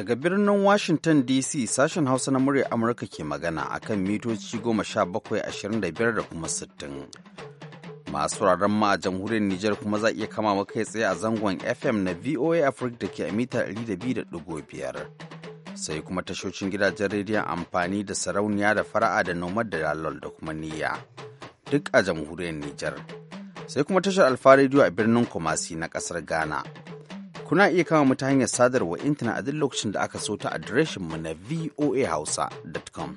Daga birnin Washington DC sashen Hausa na murya Amurka ke magana a kan mitoci 1725 da kuma 60. Masu rarren ma a jamhuriyar Nijar kuma za iya kama maka tsaye a zangon FM na VOA Africa da ke a mita 200.5. Sai kuma tashocin gidajen rediyon amfani da sarauniya da fara'a da nomad da dalol da kuma niyya. Duk a jamhuriyar Nijar. Sai kuma tashar Alfa Radio a birnin Kumasi na kasar Ghana. Kuna iya kama mu ta hanyar sadarwa intanet a duk lokacin da aka so ta adireshin mu na voahausa.com.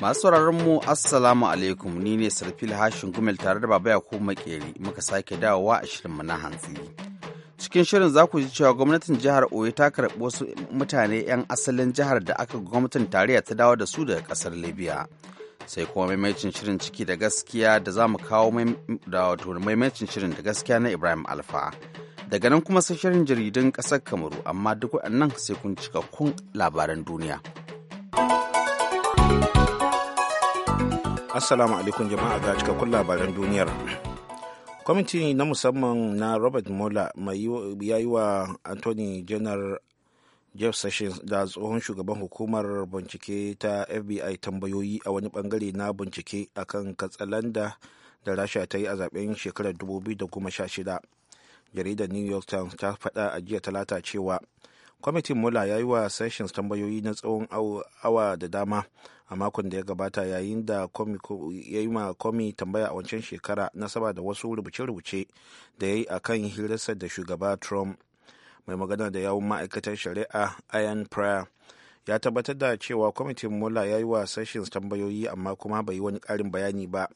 Masu sauraron mu Assalamu alaikum ni ne Sarfil Hashin Gumel tare da Baba ko Makeri muka sake dawowa a shirinmu na hantsi. Cikin shirin za ku ji cewa gwamnatin jihar Oyo ta karɓi wasu mutane 'yan asalin jihar da aka gwamnatin tarayya ta dawo da su daga ƙasar Libya. sai kuma maimacin shirin ciki da gaskiya da za mu kawo da maimacin shirin da gaskiya na ibrahim alfa daga nan kuma sai shirin jaridun kasar kamaru amma duk waɗannan sai kun cikakkun labaran duniya assalamu alaikum jama'a ga cikakkun labaran duniyar kwamiti na musamman na robert mola mai ya yi wa anthony janar jeff sessions da tsohon shugaban hukumar bincike ta fbi tambayoyi a wani bangare na bincike akan katsalanda da rasha ta yi a zaben shekarar 2016 jaridar new york times ta faɗa a jiya talata cewa kwamitin mula ya yi wa sessions tambayoyi na tsawon awa da dama a makon da ya gabata yayin da ya yi ma komi tambaya a wancan shekara nasaba da wasu rubuce-rubuce da ya yi a kan hirarsa da shugaba trump mai magana da yawun ma'aikatar shari'a ian prayer ya tabbatar da cewa kwamitin mula ya yi wa sessions tambayoyi amma kuma bai yi wani karin bayani ba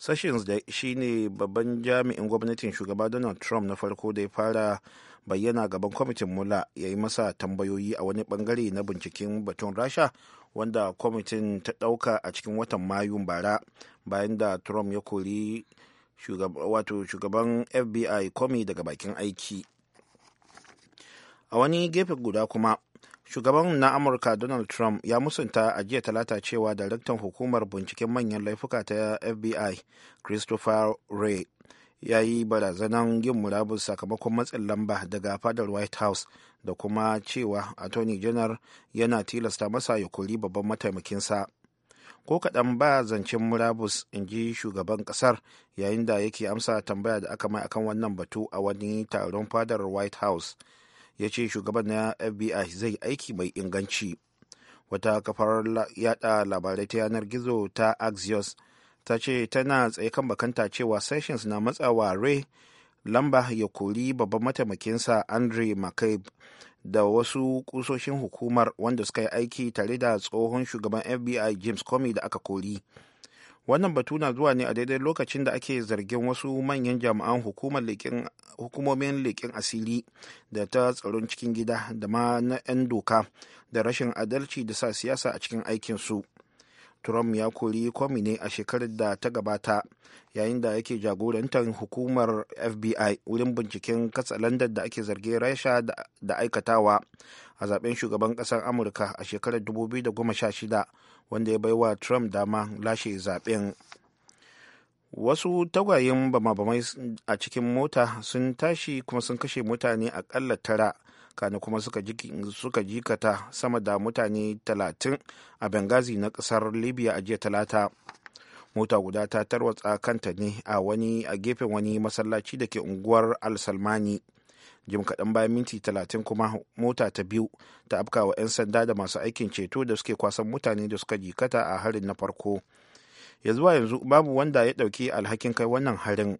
sessions da shine babban jami'in gwamnatin shugaba donald trump na farko da ya fara bayyana gaban kwamitin mula ya yi masa tambayoyi a wani bangare na binciken batun rasha wanda kwamitin ta ɗauka a cikin watan mayu bara bayan da trump ya kori shugaban fbi komi daga bakin aiki a wani gefe guda kuma shugaban na amurka donald trump ya musanta a jiya talata cewa daraktan hukumar binciken manyan laifuka ta fbi christopher ray ya yi barazanan yin murabus sakamakon matsin lamba daga fadar white house da kuma cewa attorney general yana tilasta masa ya kuri babban mataimakinsa ko kaɗan ba zancen murabus in ji shugaban ƙasar yayin da yake amsa tambaya da aka mai akan wannan batu a wani taron fadar white house ya ce shugaban na fbi zai aiki mai inganci wata kafar yada labarai ta yanar gizo ta axios ta ce tana tsaye kan bakanta cewa sessions na matsawa ray lamba ya kori babban mataimakinsa andre mccabe da wasu kusoshin hukumar wanda suka yi aiki tare da tsohon shugaban fbi james comey da aka kori wannan batu na zuwa ne a daidai lokacin da ake zargin wasu manyan jami'an hukumomin leƙen asiri da ta tsaron cikin gida da ma na 'yan doka da rashin adalci da sa siyasa a cikin aikinsu trump ya kori kwami ne a shekarar da ta gabata yayin da yake jagorantar hukumar fbi wurin binciken katsalandar da ake zargin rasha da aikatawa a zaben shugaban ƙasar amurka a shekarar 2016 wanda ya baiwa trump dama lashe zaben wasu tagwayen bama-bamai a cikin mota sun tashi kuma sun kashe mutane akalla tara kana kuma suka jikata sama da mutane talatin a bengazi na kasar libya a jiya talata mota guda ta tarwatsa kanta ne a wani a gefen wani masallaci da ke unguwar al-salmani jim kaɗan bayan minti talatin kuma mota ta biyu ta afka wa 'yan sanda da masu aikin ceto da suke kwasan mutane da suka jikata a harin na farko ya zuwa yanzu babu wanda ya ɗauki alhakin kai wannan harin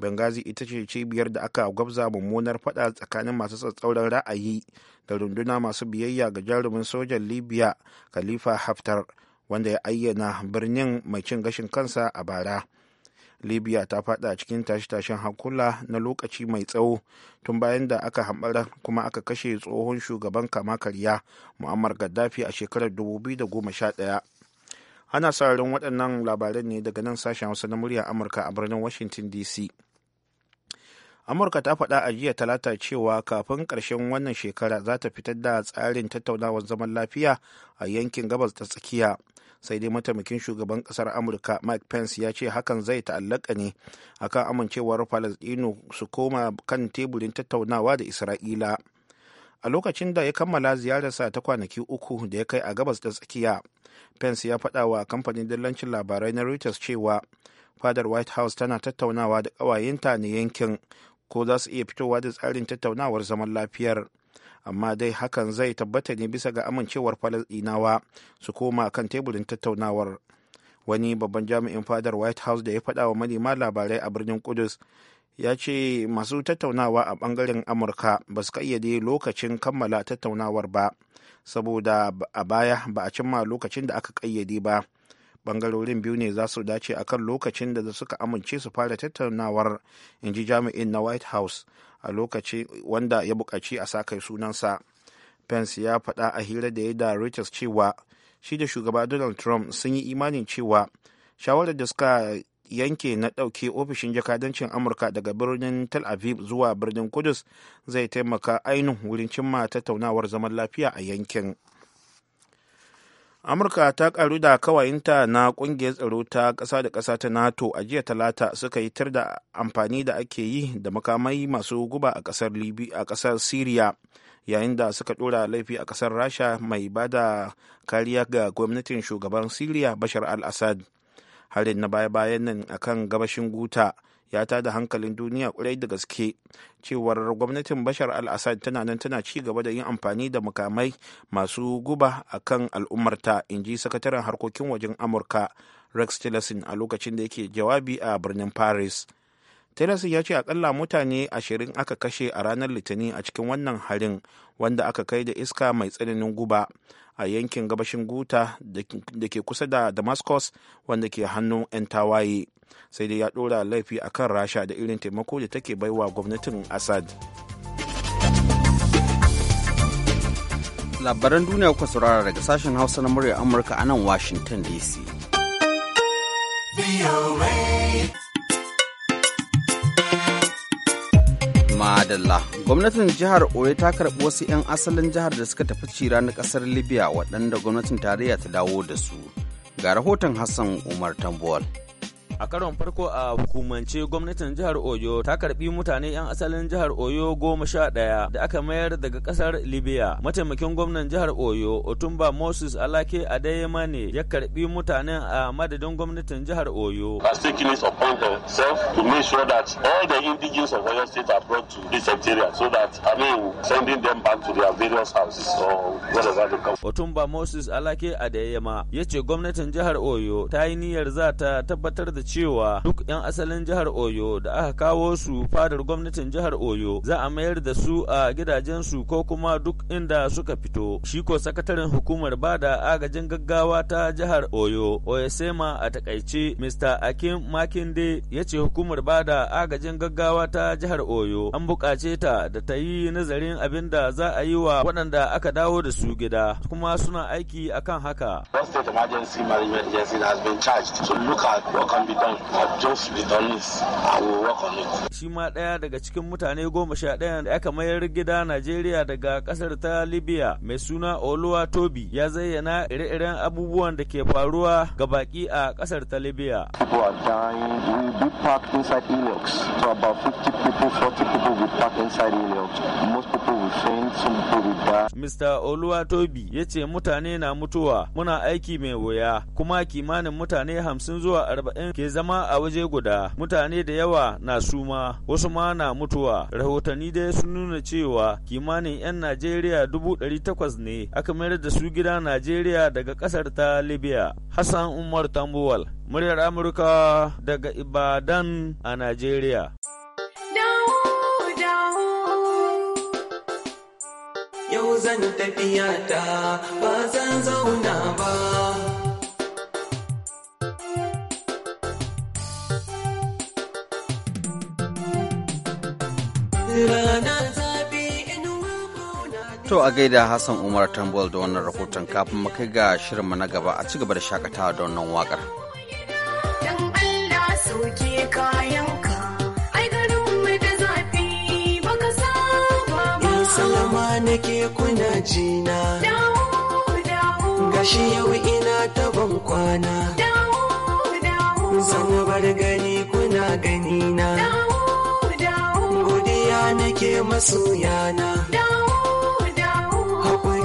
bengazi ita ce cibiyar da aka gwabza mummunar faɗa tsakanin masu tsatsauran ra'ayi da runduna masu biyayya ga jarumin sojan libya khalifa haftar wanda ya ayyana birnin mai cin gashin kansa a bara libya ta fada cikin tashe-tashen hankula na lokaci mai tsawo tun bayan da aka hambara kuma aka kashe tsohon shugaban kama karya muammar gaddafi a shekarar 2011 ana sararin waɗannan labaran ne daga nan sashen hausa na muryar amurka a birnin washington dc amurka ta faɗa a jiya talata cewa kafin karshen wannan shekara za ta fitar da tsarin tattaunawar zaman lafiya a yankin gabas ta tsakiya sai dai mataimakin shugaban kasar amurka mike pence ya ce hakan zai ta'allaka ne akan amincewar falasdino su koma kan teburin tattaunawa da isra'ila a lokacin da ya kammala ziyararsa ta kwanaki uku da ya kai a gabas da tsakiya pence ya faɗa wa kamfanin dillancin labarai na reuters cewa fadar white house tana tattaunawa da ƙawayenta na yankin ko za su iya fitowa da tsarin tattaunawar zaman lafiyar amma dai hakan zai tabbata ne bisa ga amincewar falasɗinawa su koma kan teburin tattaunawar wani babban jami'in fadar white house da ya faɗa wa manema labarai a birnin kudus ya ce masu tattaunawa a ɓangaren amurka ba su kayyade lokacin kammala tattaunawar ba saboda a baya ba a cimma lokacin da aka kayyade ba ɓangarorin biyu ne za su dace akan lokacin da suka amince su fara tattaunawar in ji jami'in na white house a lokaci wanda ya buƙaci a kai sunansa pence ya faɗa a hira da ya da reuters cewa shi da shugaba donald trump sun yi imanin cewa shawarar da suka yanke na ɗauke ofishin jakadancin amurka daga birnin tel aviv zuwa birnin kudus zai taimaka ainihin wurin cimma tattaunawar zaman lafiya a yankin. amurka ta karu da kawayinta na kungiyar tsaro ta kasa da kasa ta nato a jiya talata suka yi tar da amfani da ake yi da makamai masu guba a kasar libi a syria yayin da suka ɗora laifi a kasar rasha mai bada kariya ga gwamnatin shugaban syria bashar al-assad harin na baya-bayan nan akan gabashin guta ya ta da hankalin duniya kurai da gaske cewar gwamnatin bashar al-assad tana nan tana ci gaba da yin amfani da mukamai masu guba a kan al'ummarta in ji sakataren harkokin wajen amurka rex tillerson a lokacin da yake jawabi a birnin paris tillerson ya ce akalla mutane ashirin aka kashe a ranar litinin a cikin wannan harin wanda aka kai da iska mai tsananin guba a yankin gabashin guta da ke kusa da damascus wanda ke hannun 'yan tawaye sai dai ya ɗora laifi a kan rasha da irin taimako da take baiwa gwamnatin assad labaran duniya kuka saurara daga sashen hausa na murya amurka a nan washington dc Madalla. Gwamnatin jihar Oyo ta karɓi wasu 'yan asalin jihar da suka tafi cira na ƙasar Libya waɗanda gwamnatin tarayya ta dawo da su. Ga rahoton Hassan Umar Tambol. A karon farko a hukumance gwamnatin jihar Oyo ta karbi mutane 'yan asalin jihar Oyo goma sha daya da aka mayar daga ƙasar Libya. Mataimakin gwamnan jihar Oyo Otumba Moses Alake Adeyema ne ya karbi mutanen a madadin gwamnatin jihar Oyo. that all the of Oyo state are brought to so that I them back to their various houses or they come. Otumba Moses Alake Adeyema ya ce gwamnatin jihar Oyo ta yi niyyar za ta tabbatar da cewa duk 'yan asalin jihar Oyo da aka kawo su fadar gwamnatin jihar Oyo za a mayar da su a gidajensu ko kuma duk inda suka fito. Shi ko sakataren hukumar bada agajin gaggawa ta jihar Oyo, Oyesema a takaice Mr. Akin Makinde ya ce hukumar bada agajin gaggawa ta jihar Oyo an buƙace ta da ta yi nazarin abin da za a yi wa waɗanda aka dawo da su gida kuma suna aiki akan haka. One state emergency management agency has been charged to look at what can be done. I've just begun it. I will work on it. shi ma ɗaya daga cikin mutane goma sha ɗaya da aka mayar gida Najeriya daga ƙasar ta Libya mai suna Oluwa Tobi ya zayyana ire-iren abubuwan da ke faruwa ga baki a ƙasar ta Libya. Mr. Oluwa Tobi ya ce mutane na mutuwa muna aiki mai wuya kuma kimanin mutane hamsin zuwa arba'in ke zama a waje guda mutane da yawa na suma wasu ma na mutuwa rahotanni dai sun nuna cewa kimanin 'yan najeriya dubu takwas ne aka mayar da su gida najeriya daga kasar ta libya hassan umar tambuwal muryar amurka daga ibadan a najeriya Yau zan tafiya ta ba zan zauna ba. To a gaida Hassan Umar Tambol da wannan rahoton kafin mu kai ga shirinmu na gaba a ci gaba da shakatawa da wannan waƙar. Dan Allah soke kayan salama nake kuna jina gashi yau ina taban kwana zan bar gani kuna ganina godiya nake masoyana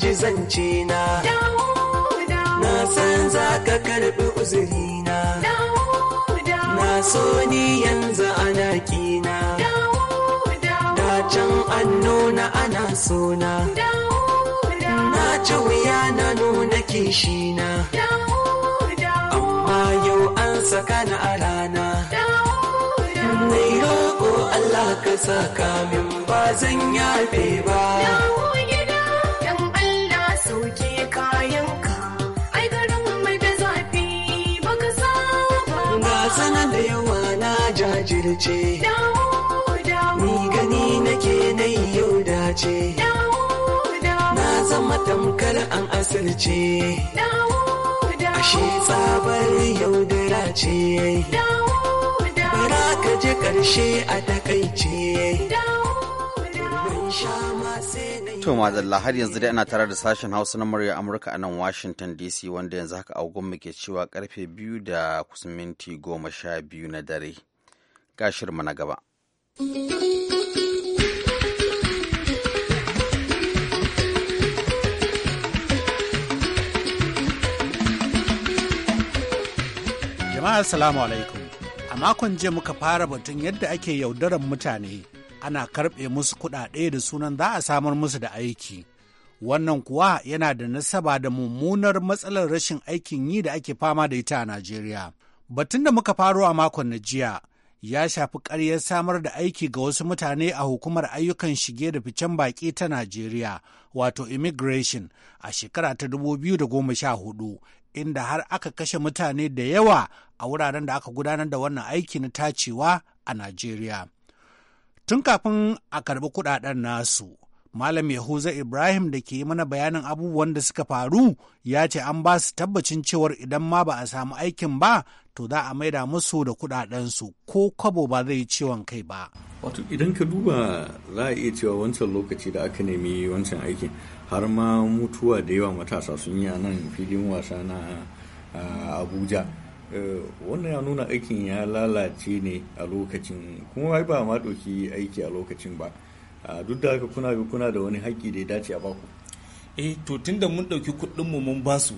ji zance na na san za ka karɓi uzuri na na so ni yanzu ana kina da can an nuna ana sona na ci wuya na nuna kishina amma yau an saka na a rana mai roƙo Allah ka saka min ba zan yafe ba zarce ni gani nake na yau dace na zama tamkar an asirce ashe tsabar yaudara ce bara ka je karshe a takaice To madalla har yanzu dai ana tare da sashen Hausa na murya Amurka a nan Washington DC wanda yanzu haka a muke cewa karfe biyu da kusan minti goma sha biyu na dare. shirma na gaba. Jama'a salamu alaikum. A makon jiya muka fara batun yadda ake yaudaran mutane ana karɓe musu kuɗaɗe da sunan za a samar musu da aiki. Wannan kuwa yana da nasaba da mummunar matsalar rashin aikin yi da ake fama da ita a Najeriya. Batun da muka faro a makon na jiya ya shafi karyar samar da aiki ga wasu mutane a hukumar ayyukan shige da ficen baƙi ta Najeriya, wato immigration, a shekara ta 2014, inda har aka kashe mutane da yawa a wuraren da aka gudanar da wannan aiki na tacewa a Najeriya. Tun kafin a karɓi kuɗaɗen nasu, Malam Yahuza Ibrahim da ke yi mana bayanin abubuwan da suka faru ya ce an ba su tabbacin cewar idan ma ba a samu aikin ba to za a maida musu da kudadensu ko kwabo ba zai ciwon kai ba. Wato idan ka duba za a iya cewa wancan lokaci da aka nemi wancan aikin har ma mutuwa da yawa matasa sun yi a nan filin wasa na Abuja. Eh, wannan ya nuna aikin ya lalace ne a lokacin kuma ba ma ɗauki aiki a lokacin ba. Duk da haka kuna kuna da wani haƙƙi da ya dace a baku. Eh to tunda mun ɗauki kuɗinmu mun basu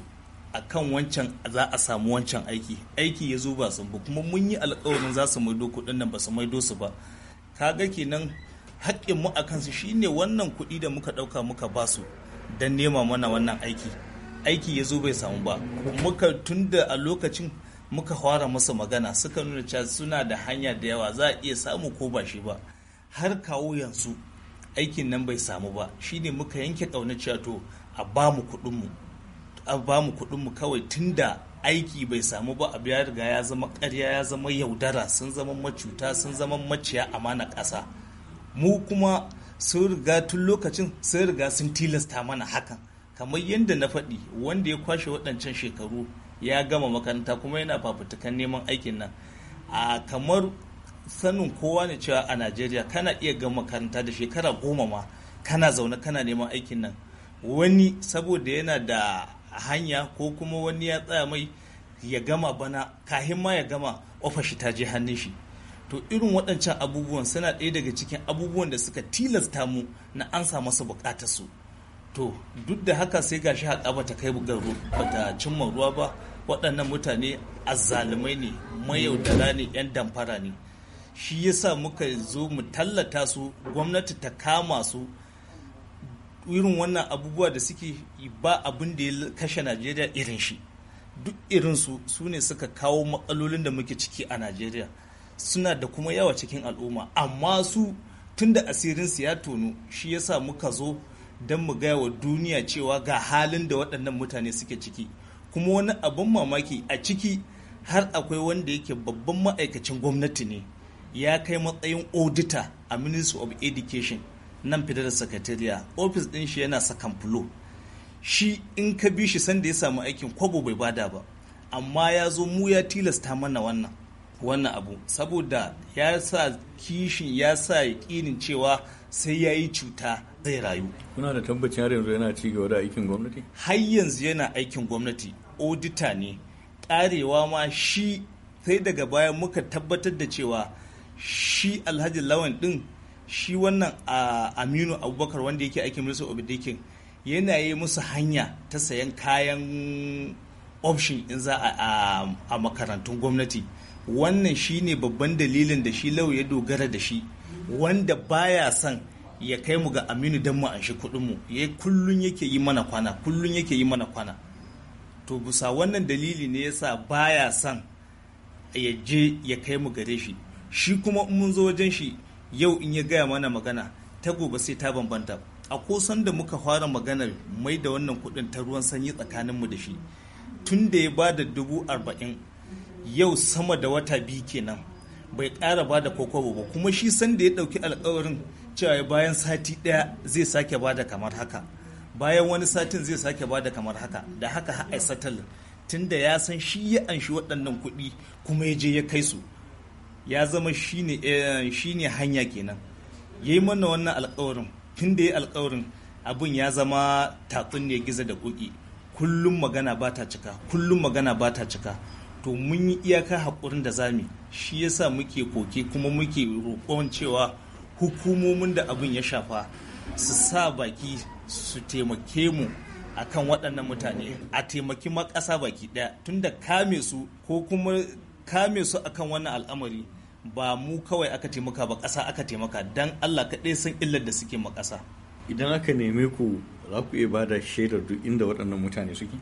a kan wancan za a samu wancan aiki aiki ya zo ba su ba kuma mun yi alkawarin za su maido kuɗin nan ba su maido su ba kaga kenan haƙƙin mu a kansu shine wannan kuɗi da muka ɗauka muka ba su don nema mana wannan aiki aiki ya zo bai samu ba muka tunda a lokacin muka fara masa magana suka nuna cewa suna da hanya da yawa za a iya samu ko ba shi ba har kawo yanzu aikin nan bai samu ba shine muka yanke ƙaunar cewa to a ba mu kuɗinmu a ba mu kuɗin mu kawai tunda aiki bai samu ba abu ya riga ya zama karya ya zama yaudara sun zama macuta sun zama maciya amana ƙasa mu kuma sun riga tun lokacin sun riga sun tilasta mana hakan kamar yadda na faɗi wanda ya kwashe waɗancan shekaru ya gama makaranta kuma yana fafutukan neman aikin nan a kamar sanin kowa ne cewa a najeriya kana iya gama makaranta da shekara goma ma kana zaune kana neman aikin nan wani saboda yana da a hanya ko kuma wani ya tsaya mai ya gama bana kahin ma ya gama shi ta je hannun shi to irin waɗancan abubuwan suna ɗaya daga cikin abubuwan da suka tilasta mu na an samu masa buƙatar su to duk da haka sai gashi haƙa bata kai bugar bata cimma ruwa ba waɗannan mutane azzalumai ne mayaudara ne 'yan damfara ne shi yasa muka zo mu tallata su gwamnati ta kama su irin wannan abubuwa da suke ba abin da ya kashe najeriya irin shi duk irin su ne suka kawo matsalolin da muke ciki a najeriya suna da kuma yawa cikin al'umma amma su tun da su ya tono shi yasa muka zo don mu gaya wa duniya cewa ga halin da waɗannan mutane suke ciki kuma wani abin mamaki a ciki har akwai wanda yake babban ma'aikacin gwamnati ne ya kai matsayin odita a ministry of education nan fitar da sakatariya ofis din shi yana sakan fulo shi in ka bi shi sanda ya samu aikin kwabo bai bada ba amma ya zo mu ya tilasta mana wannan wannan abu saboda ya sa kishin ya sa yaƙinin cewa sai ya yi cuta zai rayu kuna da tabbacin har yanzu yana cigaba da aikin gwamnati har yanzu yana aikin gwamnati odita ne karewa ma shi sai daga baya muka tabbatar da cewa shi alhaji lawan din shi wannan aminu abubakar wanda yake aikin minister obidikin yana yi musu hanya ta sayan kayan option in za a makarantun gwamnati wannan shine babban dalilin da shi lau ya dogara da shi wanda baya son ya kai mu ga aminu don mu an shi kuɗinmu ya yake yi mana kwana kullun yake yi mana kwana to busa wannan dalili ne ya yasa baya son ya je ya kai mu gare shi shi kuma in mun zo wajen shi yau in ya gaya mana magana ta gobe sai ta bambanta a kusan da muka fara maganar mai da wannan kudin ta ruwan sanyi tsakaninmu da shi tun da ya bada dubu arba'in yau sama da wata biyu kenan bai ƙara ba da kokobo ba kuma shi san da ya ɗauki alkawarin cewa bayan sati ɗaya zai sake ba da kamar haka bayan wani satin zai sake ba da kamar haka da haka ha'ai tun da ya san shi ya anshi waɗannan kuɗi kuma ya je ya kai su ya zama shi ne eh, hanya kenan ya yi mana wannan alkawarin tun da ya alkawarin abin ya zama tatsun ne gizo da kuki kullum magana ba ta cika kullum magana ba ta cika to mun yi iyaka haƙurin da zami shi yasa muke koke kuma muke roƙon cewa hukumomin da abin ya shafa su sa baki su taimake mu akan waɗannan mutane a taimaki makasa baki ɗaya tunda kame su ko kuma kame su akan wannan al'amari ba mu kawai aka taimaka ba ƙasa aka taimaka don Allah kaɗai san illar da suke ma ƙasa. Idan aka neme ku za ku iya ba da shaidar duk inda waɗannan mutane suke?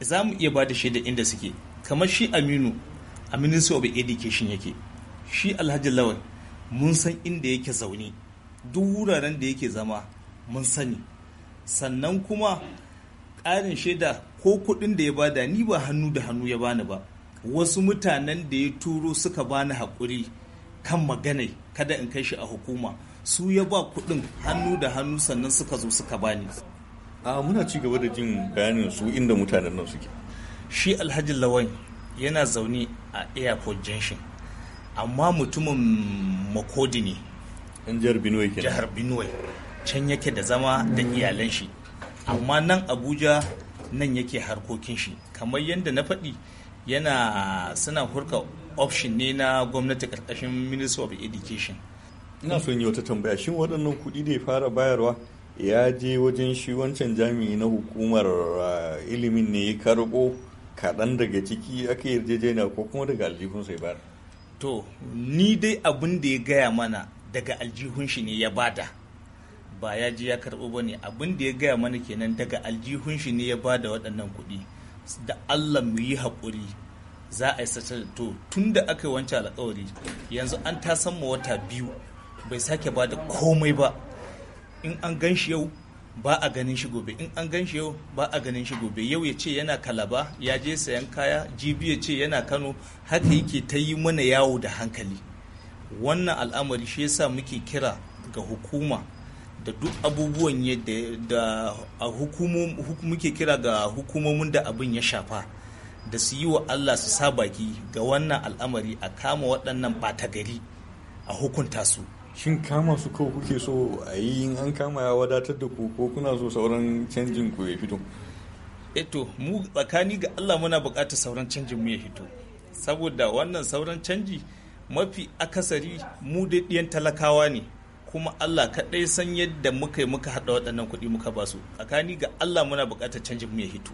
Za mu iya ba da shaidar inda suke. Kamar shi Aminu, a Ministry of Education yake. Shi Alhaji Lawal mun san inda yake zaune. Duk wuraren da yake zama mun sani. Sannan kuma ƙarin shaida ko kuɗin da ya bada ni ba hannu da hannu ya bani ba. wasu mutanen da ya turo suka bani haƙuri kan magana kada in kai shi a hukuma su ya ba kuɗin hannu da hannu sannan suka zo suka bani a muna ci gaba da jin bayanin su inda mutanen nan suke shi alhaji lawan yana zaune a airport junction amma mutumin makodi ne jihar benue jihar binuwa can yake da zama da iyalan shi amma nan abuja nan yake harkokin shi kamar yadda na faɗi yana suna hurka option ne na gwamnati karkashin ministry of education ina son yi wata tambaya shin waɗannan kuɗi da ya fara bayarwa ya je wajen shi wancan jami'i na hukumar eh, ilimin ne ya karɓo kaɗan daga ciki aka yarjejeniya ko kuma daga aljihun sai bayar to ni dai abin da ya gaya mana daga aljihun shi ne ya bada ba ya je ya karɓo ba ne abin da ya gaya mana kenan daga aljihun shi ne ya bada waɗannan kuɗi da allah mu yi haƙuri za a yi satar to tun da aka yi wancan alkawari yanzu an ta san wata biyu bai sake ba da komai ba in an gan shi yau ba a ganin shi gobe in an gan shi yau ba a ganin shi gobe yau ya ce yana kalaba ya je sayan kaya jibi ya ce yana kano haka yake ta yi mana yawo da hankali wannan al'amari shi yasa muke kira ga hukuma da duk abubuwan da muke kira ga hukumomin da abin ya shafa da su yi wa Allah su sa baki ga wannan al'amari a kama waɗannan ɓata gari a hukunta su. Shin kama su kawai kuke so a yi in an kama ya wadatar da ku ko kuna so sauran canjin ku ya fito? Eto, eh mu tsakani ga Allah muna buƙatar sauran canjin mu ya fito. Saboda wannan sauran canji mafi akasari mu da ɗiyan talakawa ne. kuma Allah kaɗai san yadda muka yi muka haɗa waɗannan kuɗi muka basu tsakani ga Allah muna buƙatar canjin mu ya fito.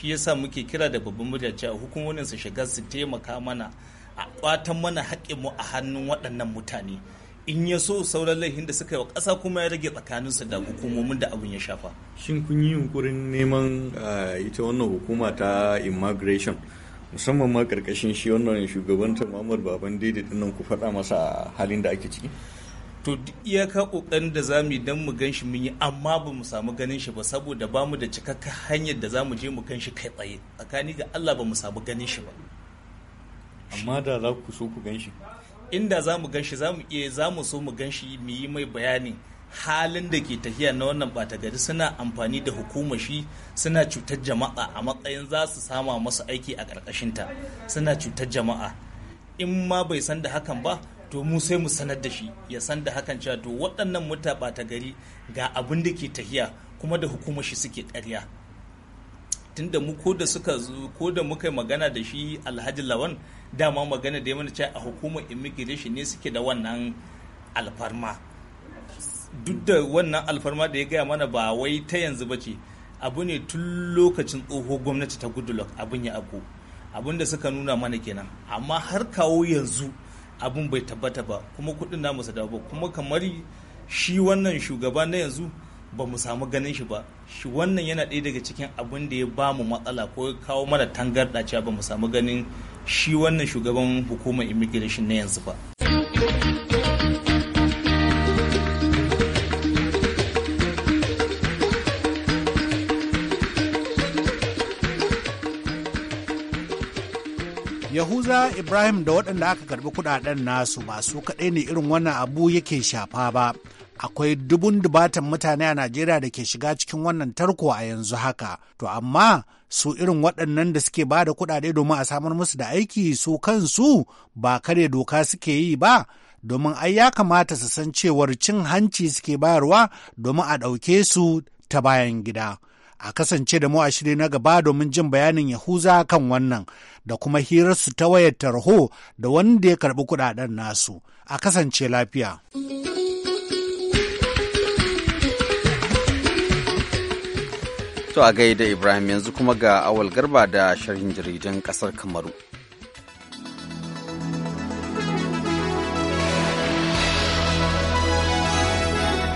shi yasa muke kira da babban murya cewa hukumomin su shiga su taimaka mana a kwatan mana mu a hannun waɗannan mutane in ya so sauran laifin da suka yi wa ƙasa kuma ya rage tsakanin su da hukumomin da abin ya shafa shin kun yi yunkurin neman eh, ita wannan hukuma ta immigration musamman ma ƙarƙashin shi wannan shugaban mamar baban daidai nan ku faɗa masa halin da ake ciki to duk iyaka kokarin da za mu yi don mu gan shi mun yi amma ba mu samu ganin shi ba saboda ba mu da cikakken hanyar da za mu je mu gan shi kai tsaye tsakani ga Allah ba mu samu ganin shi ba amma da za ku so ku gan shi inda za mu gan shi za mu iya za mu so mu gan shi mu yi mai bayani halin da ke tafiya na wannan bata gari suna amfani da hukumar shi suna cutar jama'a a matsayin za su sama masu aiki a ƙarƙashinta suna cutar jama'a in ma bai san da hakan ba to mu sai mu sanar da shi ya san da hakan cewa to waɗannan muta ɓata gari ga abin da ke tahiya kuma da hukumar shi suke ƙarya tunda mu ko da suka ko da muka magana da shi alhaji lawan dama magana da ya mana cewa a hukumar immigration ne suke da wannan alfarma duk da wannan alfarma da ya gaya mana ba wai ta yanzu ba ce abu ne tun lokacin tsoho gwamnati ta goodluck abin ya abu abin da suka nuna mana kenan amma har kawo yanzu Abin bai tabbata ba kuma kuɗin namu su dawo kuma kamar shi wannan shugaba na yanzu ba mu samu ganin shi ba shi wannan yana ɗaya daga cikin abin da ya ba mu matsala ko ya kawo mana tangarɗa cewa ba mu samu ganin shi wannan shugaban hukumar immigration na yanzu ba. yahuza ibrahim da waɗanda aka karbi kuɗaɗen nasu ba su kaɗai ne irin wannan abu yake shafa ba akwai dubun dubatan mutane a najeriya da ke shiga cikin wannan tarko a yanzu haka to amma su irin waɗannan da suke ba da kuɗaɗe domin a samar musu da aiki su kansu ba kare doka suke yi ba domin ai ya kamata su san cewar cin hanci suke bayarwa domin a ɗauke su ta bayan gida a kasance da mu a shiri na gaba domin jin bayanin Yahuza kan wannan da kuma hirarsu ta wayar tarho da wanda ya karbi kudaden nasu. A kasance lafiya. To a gaida Ibrahim yanzu kuma ga awal garba da sharhin jaridan kasar Kamaru.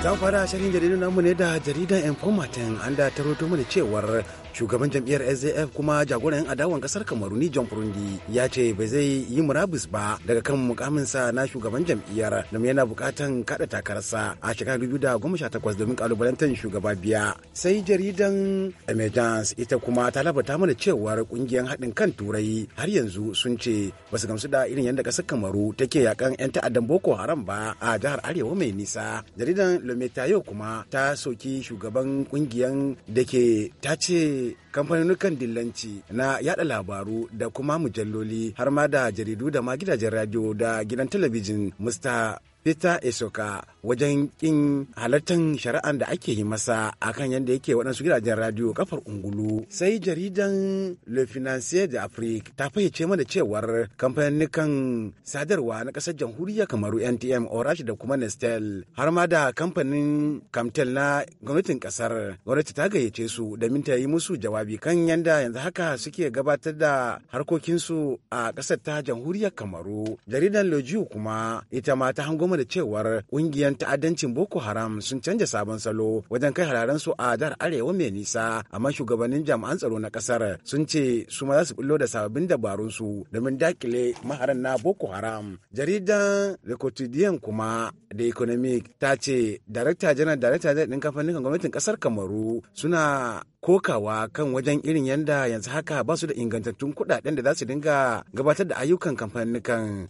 Zan fara shirin jaridu namu ne da jaridan informatin an da ta mana cewar shugaban jam'iyyar SZF kuma jagoran yan adawan kasar kamaru ni john burundi ya ce ba zai yi murabus ba daga kan sa na shugaban jam'iyyar domin yana bukatan kada takararsa a shekarar 2018 domin kalubalantar shugaba biya sai jaridan emergence ita kuma ta labarta mana cewar kungiyar haɗin kan turai har yanzu sun ce ba su gamsu da irin yadda kasar kamaru take yakan 'yan ta'addan boko haram ba a jihar arewa mai nisa jaridan yau kuma ta soki shugaban kungiyar da ke ta ce ce kamfanonukan dillanci na yada labaru da kuma mujalloli har ma da jaridu da ma gidajen radio da gidan talabijin Mr. Peter Esoka wajen kin halartar shari'an da ake yi masa a kan yadda yake waɗansu gidajen radiyo kafar ungulu sai jaridan le financier de afrique ta fayyace mana cewar kamfanin sadarwa na ƙasar jamhuriyar kamaru ntm orash da kuma nestel har ma da kamfanin kamtel na gwamnatin ƙasar gwamnati ta gayyace su da ta yi musu jawabi kan yadda yanzu haka suke gabatar da harkokinsu a ƙasar ta jamhuriyar kamaru jaridan lojiu kuma ita ma ta hango mu da cewar kungiyar ta'addancin Boko Haram sun canja sabon salo wajen kai hararen su a jihar Arewa mai nisa, amma shugabannin jami'an tsaro na kasar sun ce su ma za su bullo da sababbin dabarun su domin dakile maharan na Boko Haram. Jaridan the quotidian kuma da Economic ta ce Darakta Janar Darakta Janar ɗin kamfanin gwamnatin ƙasar Kamaru suna kokawa kan wajen irin yadda yanzu haka ba su da ingantattun kuɗaɗen da za su dinga gabatar da ayyukan kamfanin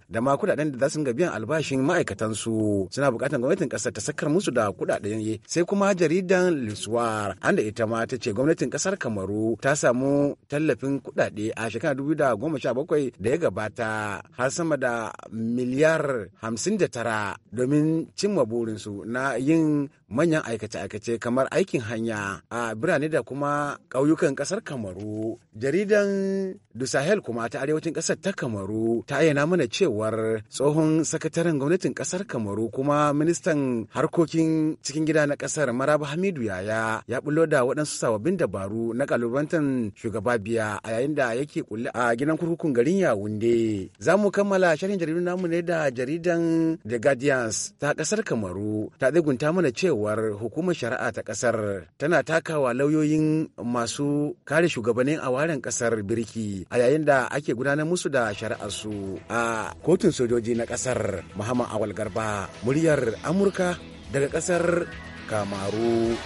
da ma kuɗaɗen da za su dinga biyan albashin ma'aikatansu suna buƙatar gwamnatin ƙasar ta sakar musu da kuɗaɗen sai kuma jaridan lissuwar anda da ita ma ta ce gwamnatin ƙasar kamaru ta samu tallafin kuɗaɗe a shekara dubu da goma sha bakwai da ya gabata har sama da miliyar hamsin da tara domin cimma burinsu na yin manyan aikace-aikace kamar aikin hanya a birane da kuma ƙauyukan ƙasar kamaru jaridan du sahel kuma ta arewacin ƙasar ta kamaru ta ayyana mana cewar tsohon sakataren gwamnatin ƙasar kamaru kuma ministan harkokin cikin gida na ƙasar maraba hamidu yaya ya bullo da waɗansu sababbin dabaru na kalubantan shugaba biya a yayin da yake kulle a gidan kurkukun garin yawunde za mu kammala sharhin jaridun namu ne da jaridan the guardians ta ƙasar kamaru ta tsegunta mana cewa cewar hukumar shari'a ta kasar tana takawa lauyoyin masu kare shugabannin awaren kasar birki a yayin da ake gudanar musu da su a kotun sojoji na kasar muhammad awal garba muryar amurka daga kasar kamaru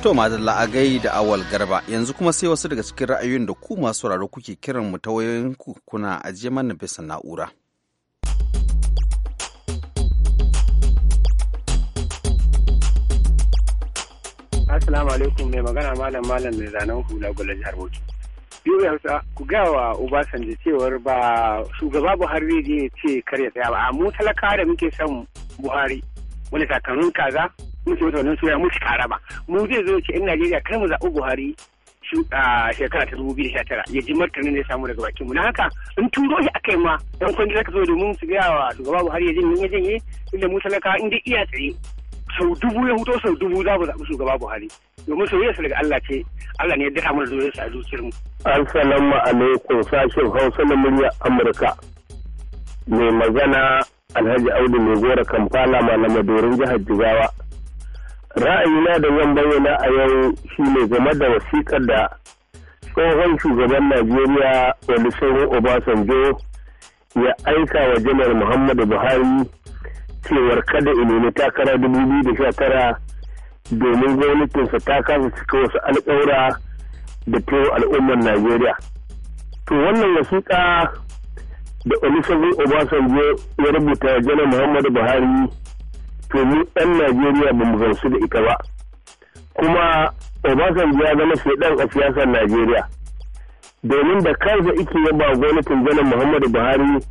To madalla a gai da awal garba yanzu kuma sai wasu daga cikin ra'ayoyin da ku masu sauraro kuke kiran mu ta wayoyin kuna ajiye mana bisa na'ura. Assalamu alaikum mai magana malam malam mai zanen hula gwala jihar Bauchi. Biyu Hausa ku gaya wa Obasanjo cewar ba shugaba Buhari ne ce kar ya tsaya ba mu talaka da muke son Buhari wani takalmin kaza mun ce wata wannan soya mun kara ba mu zai zo ce in Najeriya kar mu zaɓi Buhari shekara ta dubu biyu da sha tara ya ji martanin da ya samu daga bakin mu na haka in turo shi akai ma Ɗan kwanji zaka zo domin su gaya wa shugaba Buhari ya janye ya janye inda mu talaka in dai iya tsaye sau dubu ya huto sau dubu za mu zaɓi shugaba Buhari domin soyayyarsa daga Allah ce Allah ne ya daɗa mana soyayyarsa a zuciyar mu. Assalamu alaikum sashen Hausa na murya Amurka. Mai magana Alhaji Audu mai gora Kampala malama dorin jihar Jigawa. Ra'ayina da zan bayyana a yau shi ne game da wasiƙar da tsohon shugaban Najeriya Olusegun Obasanjo ya aika wa Janar Muhammadu Buhari cewar kada in nemi takara tara domin gwamnatinsa ta kasa cika wasu alƙawura da ta al'ummar Najeriya. To wannan wasiƙa da Olusegun Obasanjo ya rubuta janar Muhammadu Buhari to mu ɗan Najeriya ba mu gamsu da ita ba. Kuma Obasanjo ya zama shaidan a siyasar Najeriya. Domin da kansa ike yaba gwamnatin janar Muhammadu Buhari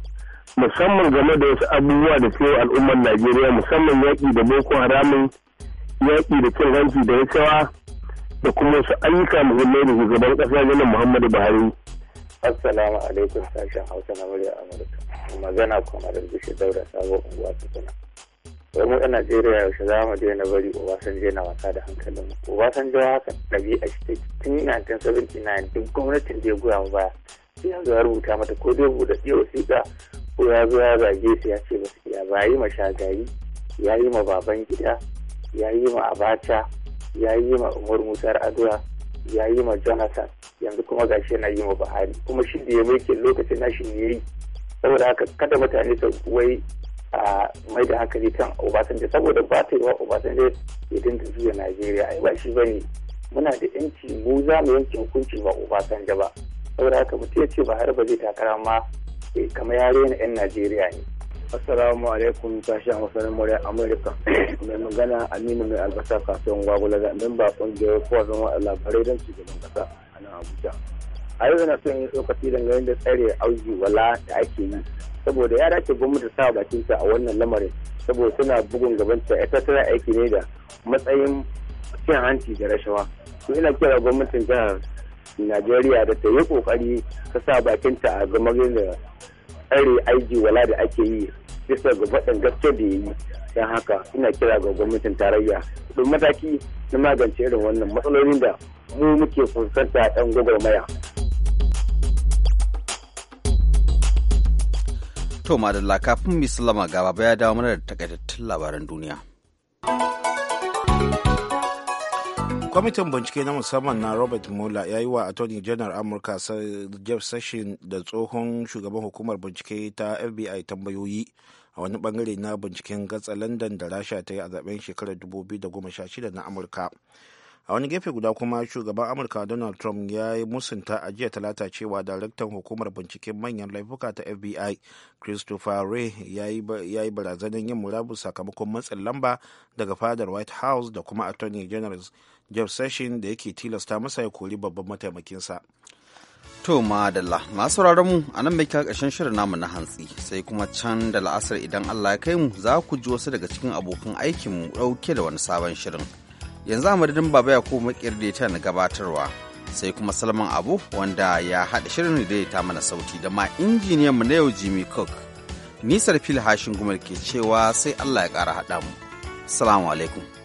musamman game da wasu abubuwa da ke al'ummar najeriya musamman yaƙi da boko haramun yaƙi da cin hanci da rashawa da kuma wasu ayyuka muhimmai da shugaban ƙasa janar muhammadu buhari assalamu alaikum sashen hausa na murya amurka magana kuma da bishir daura sabo unguwa tukuna wai wani ɗan najeriya yaushe za mu daina bari obasanjo yana wasa da hankalin mu obasanjo haka ɗabi'a shi tun 1979 duk gwamnatin da ya goya mu baya sai yanzu ya rubuta mata ko dai buɗe wasiƙa ko ya zo ya zage su ya ce gaskiya ba yi ma shagari ya yi ma baban gida ya yi ma abacha ya yi ma umar musar adura ya yi ma jonathan yanzu kuma gashi yana yi ma buhari kuma shi da ya maike lokacin nashi ne yi saboda haka kada mutane su wai a mai da hankali kan obasanjo saboda ba ta yi wa obasanjo ya dinga zuwa najeriya ai ba shi bane muna da yanci mu za mu yanke hukunci ba obasanjo ba saboda haka mutum ya ce ba ba zai takara ma kamar yare na 'yan najeriya ne assalamu alaikum tashi hausa na murya amurka mai magana aminu mai albasa kasuwan gwagwala ga ɗan ba ƙungiyar kowa zama a labarai don gaban ƙasa a nan abuja a yau na son yin tsokaci dangane da tsare auji wala da ake yi saboda ya dace gwamnati sa bakinta a wannan lamarin saboda suna bugun gaban ta ita tana aiki ne da matsayin cin hanci da rashawa to ina kira gwamnatin jihar najeriya da ta yi ƙoƙari ta sa bakinta a zama da tsare aiki wala da ake yi bisa ga faɗin gaske da ya yi don haka ina kira ga gwamnatin tarayya don mataki na magance irin wannan matsalolin da mu muke fuskanta ɗan gwagwarmaya. To madalla kafin misalama gaba ya dawo mana da takaitattun labaran duniya. kwamitin bincike na musamman na robert mueller ya yi wa attorney general amurka jeff session da tsohon shugaban hukumar bincike ta fbi tambayoyi a wani bangare na binciken gatsa london da rasha ta yi a zaben shekarar 2016 na amurka a wani gefe guda kuma shugaban amurka donald trump ya yi musunta a jiya talata cewa daraktan hukumar binciken manyan laifuka ta fbi christopher ray ya yi barazanar yin murabus sakamakon matsin lamba daga fadar white house da kuma attorney general jeff session da yake tilasta masa ya kori babban mataimakinsa to madalla masu mu a nan mai ƙarshen shirin namu na hantsi sai kuma can da la'asar idan allah ya kai mu za ku ji wasu daga cikin abokan aikin mu ɗauke da wani sabon shirin yanzu a madadin baba ya kuma ta na gabatarwa sai kuma salman abu wanda ya haɗa shirin da ya ta mana sauti da ma injiniyan mu na yau jimmy cook nisar fil hashin gumar ke cewa sai allah ya ƙara haɗa mu salamu alaikum